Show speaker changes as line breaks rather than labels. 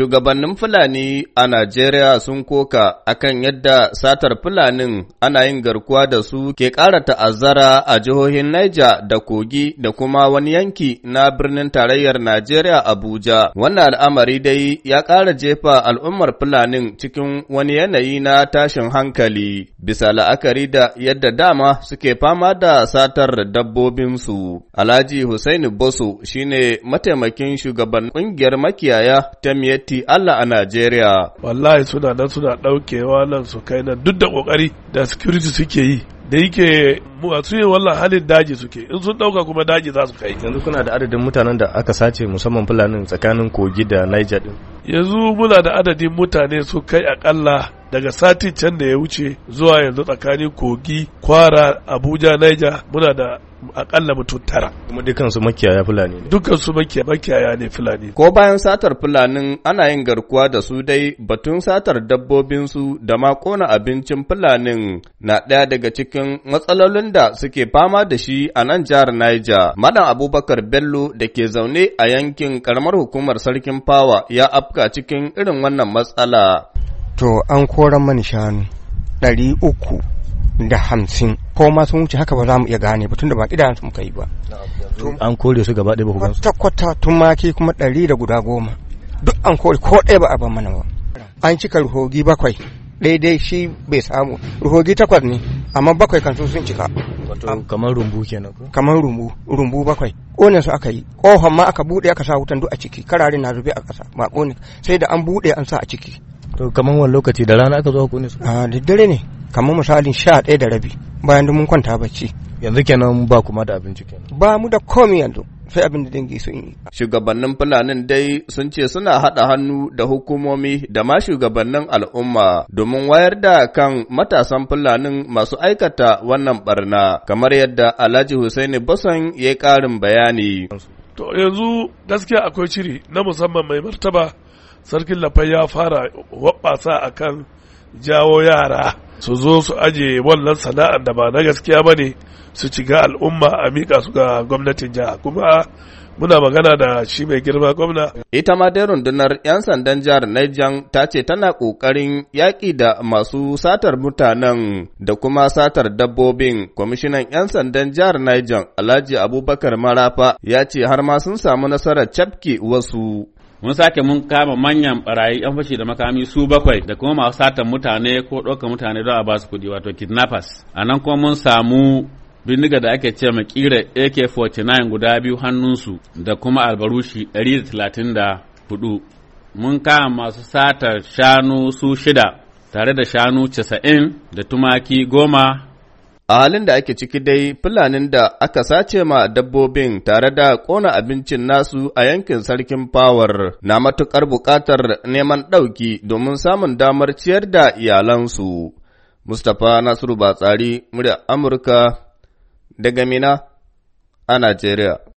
Shugabannin Fulani a Najeriya sun koka akan yadda satar Fulanin ana yin garkuwa da su ke ƙara ta'azzara a jihohin Niger da Kogi da kuma wani yanki na birnin tarayyar Najeriya Abuja. Wannan al'amari dai ya ƙara jefa al'ummar Fulanin cikin wani yanayi na tashin hankali, bisa la'akari da yadda dama suke fama da satar dabbobinsu. Alhaji Hussaini Boso shine mataimakin shugaban ƙungiyar makiyaya ta gwamnati Allah a Najeriya.
Wallahi suna nan suna ɗaukewa nan su kai nan duk da ƙoƙari da security suke yi. da yake masu yin wannan halin daji suke in sun ɗauka kuma daji za su kai yanzu
kuna da adadin mutanen da aka sace musamman fulani tsakanin kogi da niger din
yanzu muna da adadin mutane su kai akalla daga satin can da ya wuce zuwa yanzu tsakanin kogi kwara abuja niger muna da akalla mutum tara. Kuma su makiyaya Fulani ne. su makiyaya ne Fulani. Ko bayan satar Fulanin
ana yin garkuwa da su dai batun satar dabbobin su da ma kona abincin Fulanin na ɗaya daga cikin matsalolin da suke fama da shi a nan jihar Niger. Malam Abubakar Bello da ke zaune a yankin karamar hukumar Sarkin Fawa ya afka cikin irin wannan matsala.
To an kora mani shanu ɗari uku da hamsin. ko ma sun wuce haka ba za mu iya gane ba tunda ba idan su muka yi ba an kore su gaba ɗaya ba kuma ta kwata kwata tumaki kuma ɗari da guda goma duk an kore ko ɗaya ba a ban mana ba an cika ruhogi bakwai daidai shi bai samu ruhogi takwas ne amma bakwai kan su sun cika kamar rumbu kenan ko kamar rumbu rumbu bakwai kone su aka yi kohon ma aka bude aka sa wutan duk a ciki karare na zube a ƙasa ba kone sai da an bude an sa a ciki to kamar wani lokaci da rana aka zo kone su a ah, da dare ne kamar misalin sha ɗaya da rabi bayan da mun kwanta bacci yanzu kenan ba kuma da abinci kenan
ba mu da komai yanzu sai abin da dangi sun yi. Shugabannin Fulanin dai sun ce suna haɗa hannu da hukumomi da ma shugabannin al'umma domin wayar da kan matasan Fulanin masu aikata wannan barna kamar yadda Alhaji Hussaini Basan ya ƙarin bayani.
To yanzu gaskiya akwai ciri na musamman mai martaba sarkin lafai ya fara waɓasa akan jawo yara su zo su aje wannan sana'ar da ba na gaskiya ba ne su ciga al'umma a miƙa su ga gwamnatin jiha kuma muna magana da shi mai girma gwamna. Ita ma dai rundunar 'yan
sandan jihar Niger ta ce tana ƙoƙarin yaƙi da masu satar mutanen da kuma satar dabbobin. Kwamishinan 'yan sandan jihar Niger Alhaji Abubakar Marafa ya ce har ma sun samu nasarar cafke wasu. mun sake mun kama manyan barayi yan fashi da makami su bakwai da kuma masu satan mutane ko ɗaukar mutane don a basu kuɗi wato kidnappers a nan kuma mun samu bindiga da ake ce ma kira AK-49 guda biyu hannunsu da kuma albarushi 134 mun kama masu satar shanu su shida tare da shanu 90 da tumaki goma A halin da ake ciki dai, fulanin da aka sace ma dabbobin tare da ƙona abincin nasu a yankin sarkin Power, na matuƙar buƙatar neman ɗauki domin samun damar ciyar da iyalansu. Mustapha Nasiru Batsari, murya Amurka, daga Mina a Najeriya.